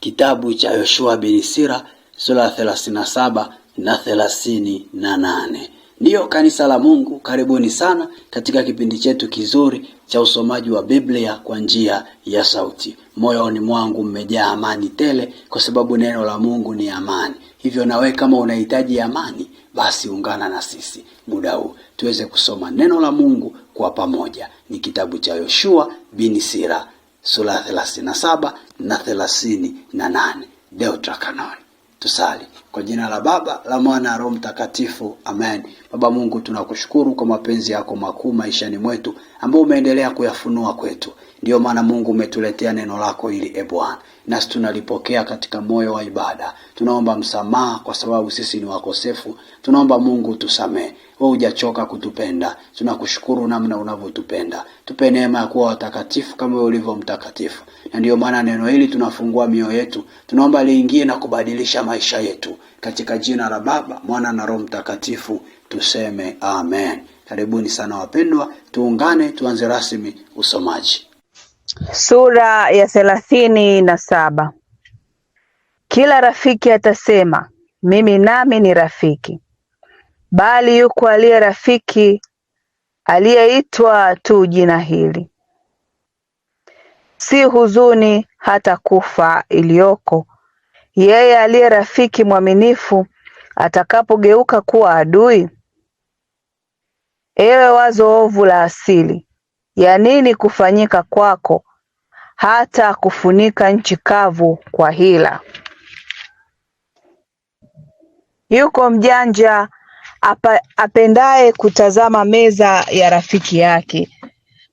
Kitabu cha Yoshua bin Sira sura ya thelathini na saba na thelathini na nane. Ndiyo kanisa la Mungu, karibuni sana katika kipindi chetu kizuri cha usomaji wa Biblia kwa njia ya sauti. Moyoni mwangu mmejaa amani tele, kwa sababu neno la Mungu ni amani. Hivyo wewe kama unahitaji amani, basi ungana na sisi muda huu tuweze kusoma neno la Mungu kwa pamoja. Ni kitabu cha Yoshua bin Sira sura ya thelathini na saba na thelathini na nane Deuterokanoni. Tusali. Kwa jina la Baba la Mwana Roho Mtakatifu, amen. Baba Mungu, tunakushukuru kwa mapenzi yako makuu maishani mwetu ambayo umeendelea kuyafunua kwetu. Ndiyo maana Mungu umetuletea neno lako ili e Bwana, nasi tunalipokea katika moyo wa ibada. Tunaomba msamaha kwa sababu sisi ni wakosefu. Tunaomba Mungu tusamee, wewe hujachoka kutupenda. Tunakushukuru namna unavyotupenda. Tupe neema ya kuwa watakatifu kama wewe ulivyo mtakatifu, na ndiyo maana neno hili tunafungua mioyo yetu, tunaomba liingie na kubadilisha maisha yetu katika jina la Baba, Mwana na Roho Mtakatifu, tuseme amen. Karibuni sana wapendwa, tuungane tuanze rasmi usomaji. Sura ya thelathini na saba. Kila rafiki atasema mimi nami ni rafiki, bali yuko aliye rafiki aliyeitwa tu jina hili. Si huzuni hata kufa iliyoko yeye aliye rafiki mwaminifu atakapogeuka kuwa adui? Ewe wazo ovu la asili, ya nini kufanyika kwako hata kufunika nchi kavu kwa hila? Yuko mjanja apa, apendaye kutazama meza ya rafiki yake,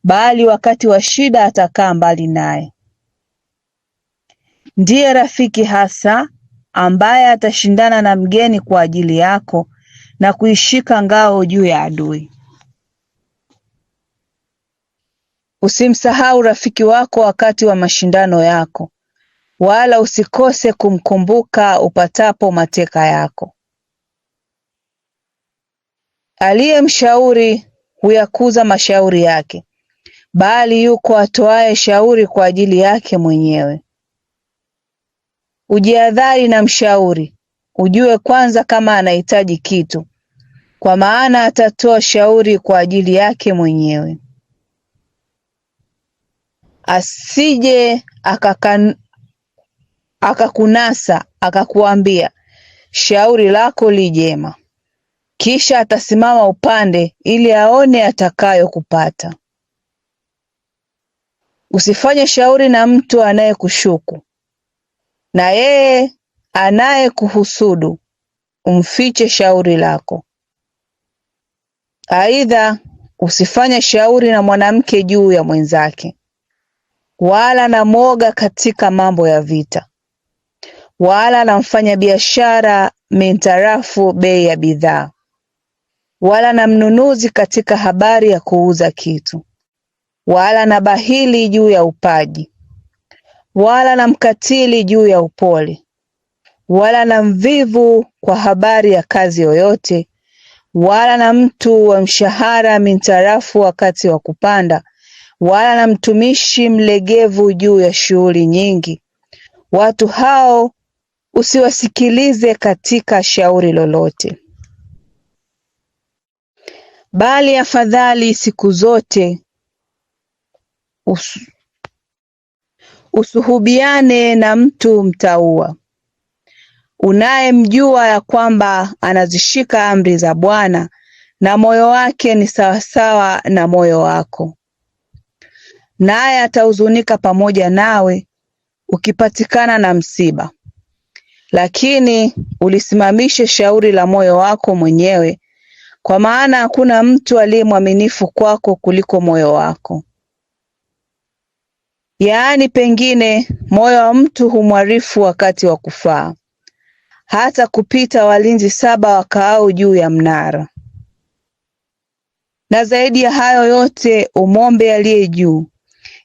bali wakati wa shida atakaa mbali naye ndiye rafiki hasa ambaye atashindana na mgeni kwa ajili yako na kuishika ngao juu ya adui. Usimsahau rafiki wako wakati wa mashindano yako, wala usikose kumkumbuka upatapo mateka yako. Aliyemshauri huyakuza mashauri yake, bali yuko atoaye shauri kwa ajili yake mwenyewe ujiadhari na mshauri, ujue kwanza kama anahitaji kitu, kwa maana atatoa shauri kwa ajili yake mwenyewe, asije akakan akakunasa akakuambia shauri lako li jema, kisha atasimama upande ili aone atakayokupata. Usifanye shauri na mtu anayekushuku, na yeye anayekuhusudu umfiche shauri lako. Aidha, usifanye shauri na mwanamke juu ya mwenzake, wala na mwoga katika mambo ya vita, wala na biashara mintarafu bei ya bidhaa, wala na mnunuzi katika habari ya kuuza kitu, wala na bahili juu ya upaji wala na mkatili juu ya upole, wala na mvivu kwa habari ya kazi yoyote, wala na mtu wa mshahara mintarafu wakati wa kupanda, wala na mtumishi mlegevu juu ya shughuli nyingi. Watu hao usiwasikilize katika shauri lolote, bali afadhali siku zote usu usuhubiane na mtu mtaua unayemjua ya kwamba anazishika amri za Bwana na moyo wake ni sawasawa na moyo wako, naye atahuzunika pamoja nawe ukipatikana na msiba, lakini ulisimamishe shauri la moyo wako mwenyewe, kwa maana hakuna mtu aliye mwaminifu kwako kuliko moyo wako. Yaani pengine moyo wa mtu humwarifu wakati wa kufaa, hata kupita walinzi saba wakaao juu ya mnara. Na zaidi ya hayo yote umombe aliye juu,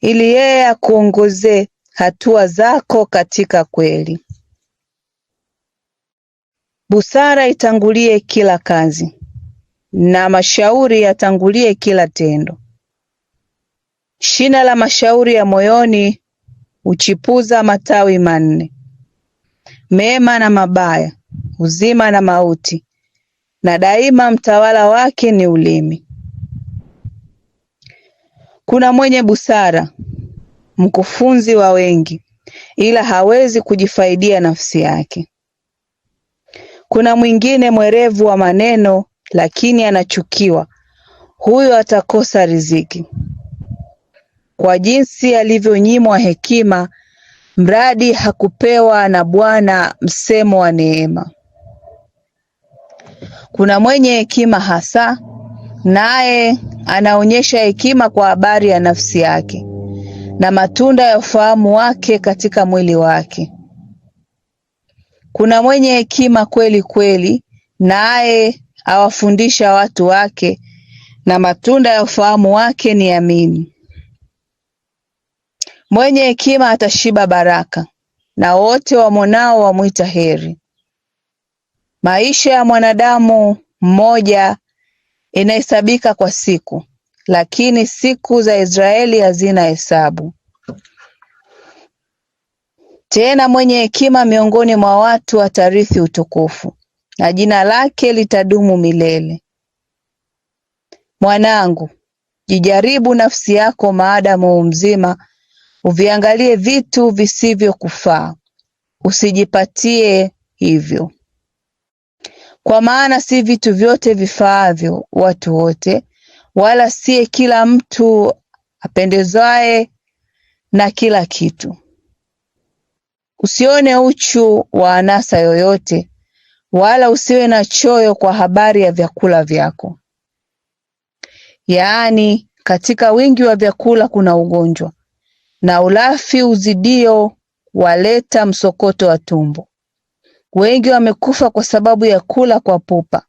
ili yeye akuongoze hatua zako katika kweli. Busara itangulie kila kazi, na mashauri yatangulie kila tendo. Shina la mashauri ya moyoni huchipuza matawi manne: mema na mabaya, uzima na mauti, na daima mtawala wake ni ulimi. Kuna mwenye busara, mkufunzi wa wengi, ila hawezi kujifaidia nafsi yake. Kuna mwingine mwerevu wa maneno, lakini anachukiwa; huyo atakosa riziki kwa jinsi alivyonyimwa hekima, mradi hakupewa na Bwana msemo wa neema. Kuna mwenye hekima hasa, naye anaonyesha hekima kwa habari ya nafsi yake na matunda ya ufahamu wake katika mwili wake. Kuna mwenye hekima kweli kweli, naye awafundisha watu wake, na matunda ya ufahamu wake ni amini. Mwenye hekima atashiba baraka, na wote wamwonao wamwita heri. Maisha ya mwanadamu mmoja inahesabika kwa siku, lakini siku za Israeli hazina hesabu. Tena mwenye hekima miongoni mwa watu atarithi utukufu, na jina lake litadumu milele. Mwanangu, jijaribu nafsi yako maadamu mzima Uviangalie vitu visivyokufaa, usijipatie hivyo. Kwa maana si vitu vyote vifaavyo watu wote, wala siye kila mtu apendezwaye na kila kitu. Usione uchu wa anasa yoyote, wala usiwe na choyo kwa habari ya vyakula vyako, yaani katika wingi wa vyakula kuna ugonjwa, na ulafi uzidio waleta msokoto wa tumbo. Wengi wamekufa kwa sababu ya kula kwa pupa,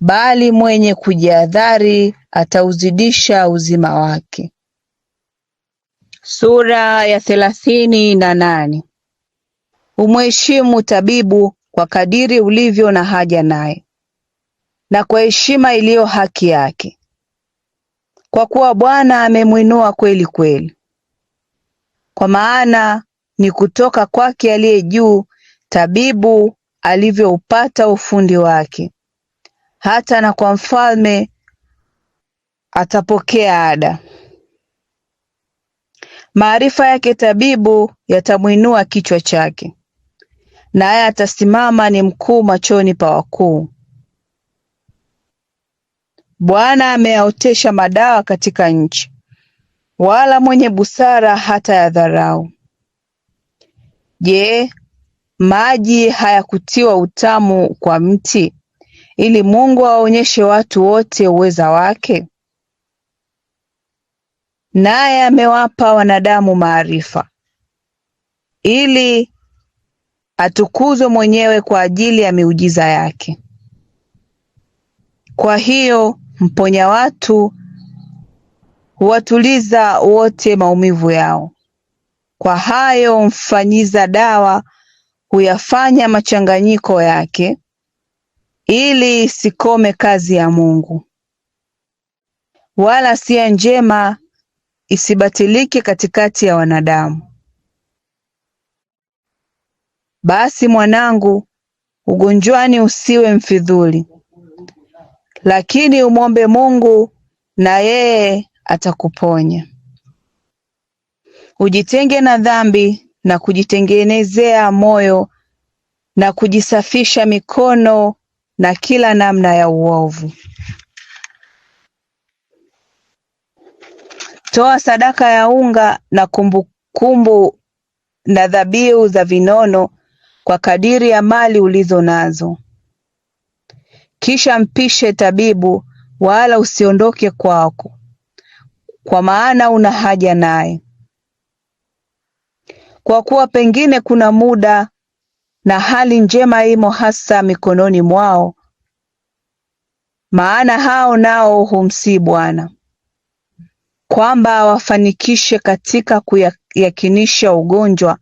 bali mwenye kujihadhari atauzidisha uzima wake. Sura ya thelathini na nane. Umheshimu tabibu kwa kadiri ulivyo na haja naye, na kwa heshima iliyo haki yake, kwa kuwa Bwana amemwinua kweli kweli kwa maana ni kutoka kwake aliye juu tabibu alivyoupata ufundi wake, hata na kwa mfalme atapokea ada. Maarifa yake tabibu yatamwinua kichwa chake, naye atasimama ni mkuu machoni pa wakuu. Bwana ameyaotesha madawa katika nchi, wala mwenye busara hata ya dharau Je, maji hayakutiwa utamu kwa mti, ili Mungu awaonyeshe watu wote uweza wake? Naye amewapa wanadamu maarifa, ili atukuzwe mwenyewe kwa ajili ya miujiza yake. Kwa hiyo mponya watu huwatuliza wote maumivu yao. Kwa hayo mfanyiza dawa huyafanya machanganyiko yake, ili isikome kazi ya Mungu, wala sia njema isibatilike katikati ya wanadamu. Basi mwanangu, ugonjwani usiwe mfidhuli, lakini umwombe Mungu na yeye atakuponya. Ujitenge na dhambi na kujitengenezea moyo na kujisafisha mikono na kila namna ya uovu. Toa sadaka ya unga na kumbukumbu na dhabihu za vinono kwa kadiri ya mali ulizo nazo, kisha mpishe tabibu, wala usiondoke kwako kwa maana una haja naye, kwa kuwa pengine kuna muda na hali njema imo hasa mikononi mwao, maana hao nao humsii Bwana kwamba awafanikishe katika kuyakinisha ugonjwa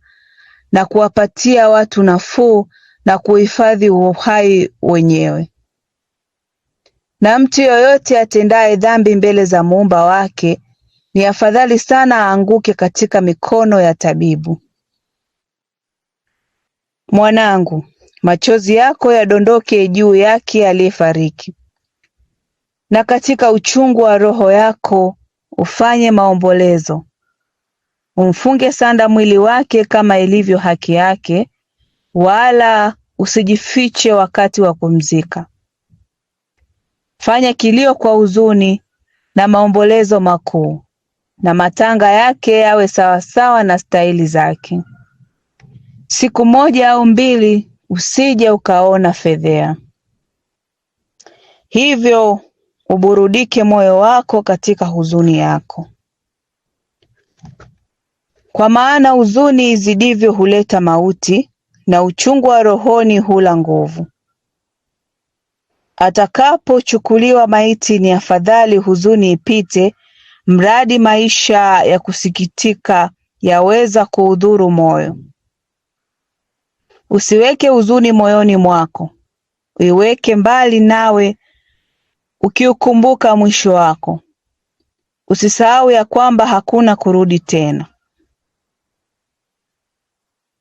na kuwapatia watu nafuu na kuhifadhi uhai wenyewe. Na mtu yoyote atendaye dhambi mbele za muumba wake ni afadhali sana aanguke katika mikono ya tabibu. Mwanangu, machozi yako yadondoke juu yake aliyefariki, na katika uchungu wa roho yako ufanye maombolezo. Umfunge sanda mwili wake kama ilivyo haki yake, wala usijifiche wakati wa kumzika. Fanya kilio kwa huzuni na maombolezo makuu na matanga yake yawe sawasawa na staili zake. Siku moja au mbili usije ukaona fedhea, hivyo uburudike moyo wako katika huzuni yako, kwa maana huzuni izidivyo huleta mauti, na uchungu wa rohoni hula nguvu. Atakapochukuliwa maiti, ni afadhali huzuni ipite mradi maisha ya kusikitika yaweza kuudhuru moyo. Usiweke huzuni moyoni mwako, uiweke mbali nawe, ukiukumbuka mwisho wako. Usisahau ya kwamba hakuna kurudi tena,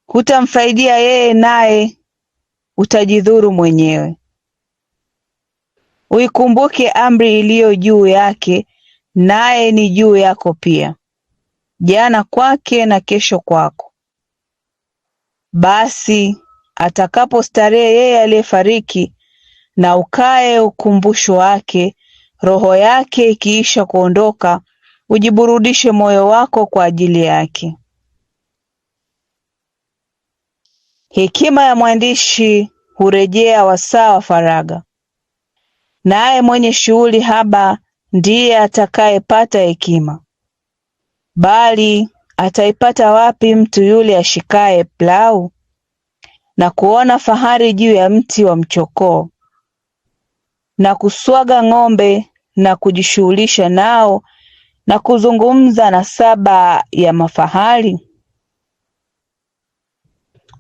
hutamfaidia yeye, naye utajidhuru mwenyewe. Uikumbuke amri iliyo juu yake naye ni juu yako pia; jana kwake na kesho kwako. Basi atakapostarehe yeye aliyefariki, na ukae ukumbusho wake, roho yake ikiisha kuondoka, ujiburudishe moyo wako kwa ajili yake. Hekima ya mwandishi hurejea wasaa wa faragha, naye mwenye shughuli haba ndiye atakayepata hekima. Bali ataipata wapi mtu yule ashikaye plau na kuona fahari juu ya mti wa mchokoo na kuswaga ng'ombe na kujishughulisha nao na kuzungumza na saba ya mafahari?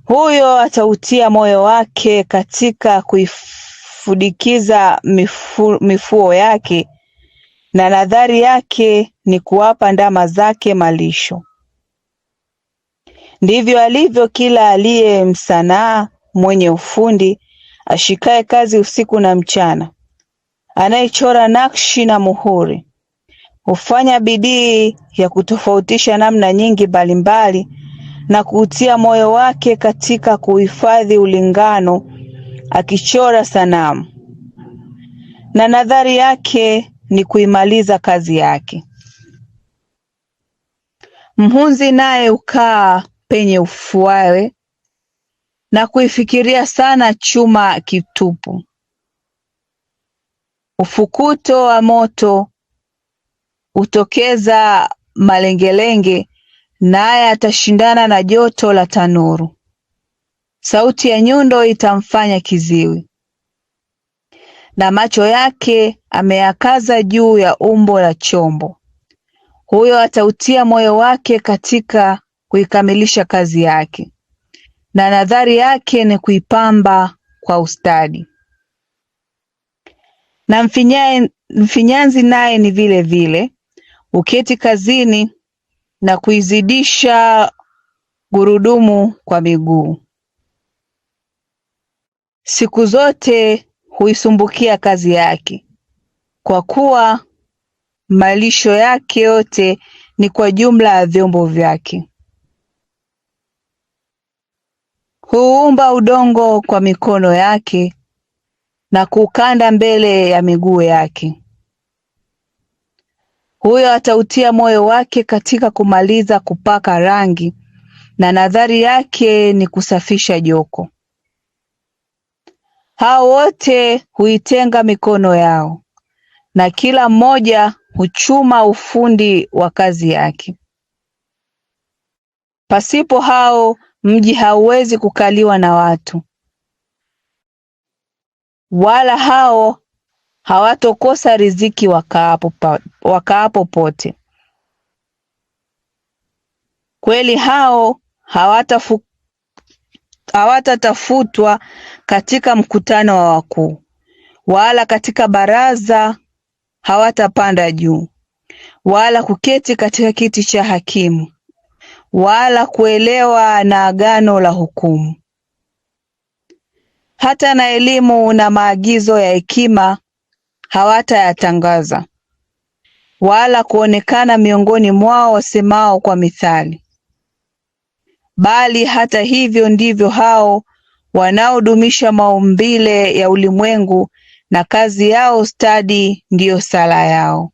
Huyo atautia moyo wake katika kuifudikiza mifu, mifuo yake na nadhari yake ni kuwapa ndama zake malisho. Ndivyo alivyo kila aliye msanaa mwenye ufundi, ashikaye kazi usiku na mchana, anayechora nakshi na muhuri, hufanya bidii ya kutofautisha namna nyingi mbalimbali na kuutia moyo wake katika kuhifadhi ulingano, akichora sanamu na nadhari yake ni kuimaliza kazi yake. Mhunzi naye ukaa penye ufuawe na kuifikiria sana chuma kitupu. Ufukuto wa moto hutokeza malengelenge, naye atashindana na joto la tanuru. Sauti ya nyundo itamfanya kiziwi na macho yake ameyakaza juu ya umbo la chombo, huyo atautia moyo wake katika kuikamilisha kazi yake, na nadhari yake ni kuipamba kwa ustadi. Na mfinyae, mfinyanzi naye ni vile vile uketi kazini na kuizidisha gurudumu kwa miguu. Siku zote huisumbukia kazi yake, kwa kuwa malisho yake yote ni kwa jumla ya vyombo vyake. Huumba udongo kwa mikono yake na kukanda mbele ya miguu yake. Huyo atautia moyo wake katika kumaliza kupaka rangi, na nadhari yake ni kusafisha joko. Hao wote huitenga mikono yao, na kila mmoja huchuma ufundi wa kazi yake. Pasipo hao mji hauwezi kukaliwa na watu, wala hao hawatokosa riziki wakaapo, wakaapo pote. Kweli hao hawatafu, hawatatafutwa katika mkutano wa wakuu, wala katika baraza hawatapanda juu, wala kuketi katika kiti cha hakimu, wala kuelewa na agano la hukumu, hata na elimu na maagizo ya hekima hawatayatangaza, wala kuonekana miongoni mwao wasemao kwa mithali Bali hata hivyo ndivyo hao wanaodumisha maumbile ya ulimwengu, na kazi yao stadi ndiyo sala yao.